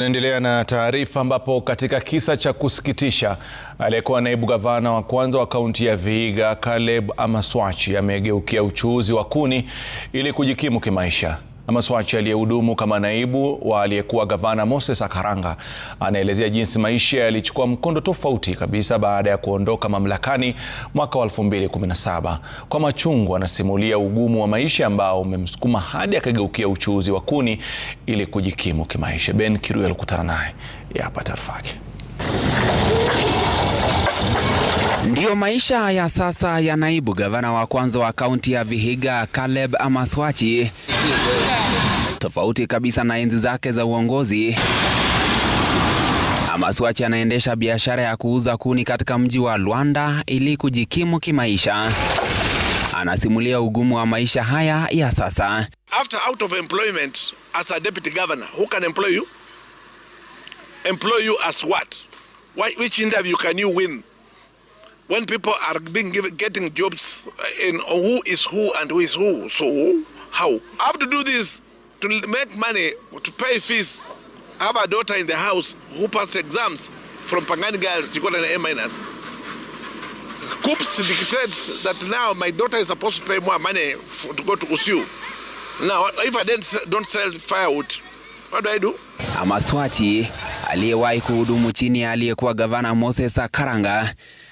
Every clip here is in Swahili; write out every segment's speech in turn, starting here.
naendelea na taarifa ambapo katika kisa cha kusikitisha aliyekuwa naibu gavana wa kwanza wa kaunti ya Vihiga Caleb Amaswachi amegeukia uchuuzi wa kuni ili kujikimu kimaisha maswachi aliyehudumu kama naibu wa aliyekuwa gavana Moses Akaranga anaelezea jinsi maisha yalichukua mkondo tofauti kabisa baada ya kuondoka mamlakani mwaka wa 2017. Kwa machungu, anasimulia ugumu wa maisha ambao umemsukuma hadi akageukia uchuuzi wa kuni ili kujikimu kimaisha. Ben Kirui alikutana naye, hapa taarifa yake. Ndiyo maisha ya sasa ya naibu gavana wa kwanza wa kaunti ya Vihiga, Caleb Amaswachi, tofauti kabisa na enzi zake za uongozi. Amaswachi anaendesha biashara ya kuuza kuni katika mji wa Luanda ili kujikimu kimaisha. Anasimulia ugumu wa maisha haya ya sasa. After out of employment as a deputy governor, who can employ you? Employ you as what? Which interview can you win? when people are being given, getting jobs in who is who and who is who. So how? I have to do this to make money, to pay fees. I have a daughter in the house who passed exams from Pangani Girls. you got an A minus. Coops dictates that now my daughter is supposed to pay more money for, to go to usu Now, if I don't, don't sell firewood, what do I do? Amaswati aliyewahi kuhudumu chini aliyekuwa gavana Moses Karanga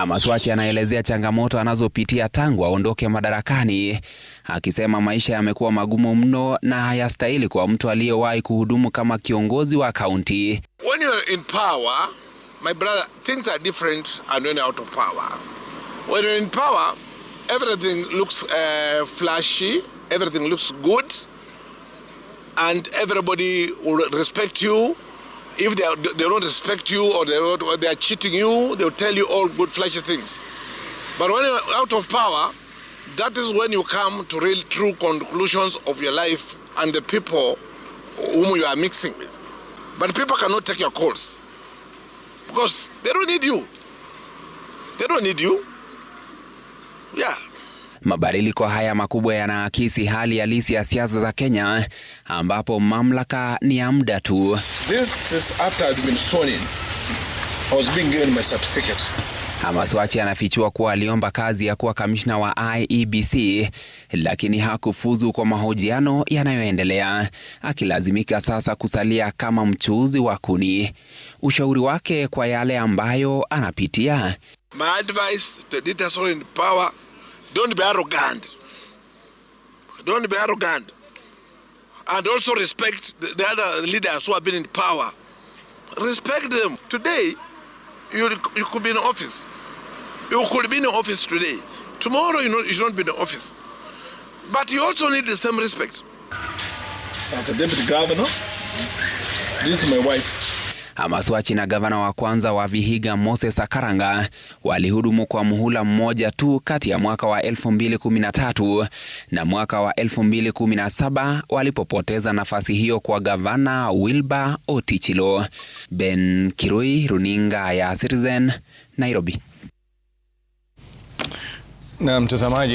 Amaswachi anaelezea changamoto anazopitia tangu aondoke madarakani, akisema maisha yamekuwa magumu mno na hayastahili kwa mtu aliyewahi kuhudumu kama kiongozi wa kaunti. When you're in power, my brother, things are different and when you're out of power. When you're in power, everything looks uh, flashy, everything looks good and everybody will respect you. If they, are, they don't respect you or they, or they are cheating you, they'll tell you all good, flashy things. But when you're out of power, that is when you come to real, true conclusions of your life and the people whom you are mixing with. But people cannot take your calls because they don't need you. They don't need you. Yeah. Mabadiliko haya makubwa yanaakisi hali halisi ya siasa za Kenya ambapo mamlaka ni ya muda tu. This is after I'd been sworn in. I was being given my certificate. Amos anafichua kuwa aliomba kazi ya kuwa kamishna wa IEBC lakini hakufuzu kwa mahojiano yanayoendelea, akilazimika sasa kusalia kama mchuuzi wa kuni. Ushauri wake kwa yale ambayo anapitia My advice to the leaders in power, don't Don't be be arrogant. arrogant and also respect the other leaders who have been in power. Respect them. Today, you, you could be in office. You could be in office today. Tomorrow, you, know, you shouldn't be in office. But you also need the same respect. As a deputy governor, this is my wife. Amaswachi na gavana wa kwanza wa Vihiga Moses Akaranga walihudumu kwa muhula mmoja tu kati ya mwaka wa 2013 na mwaka wa 2017 walipopoteza nafasi hiyo kwa gavana Wilbur Otichilo. Ben Kirui, runinga ya Citizen, Nairobi. Na mtazamaji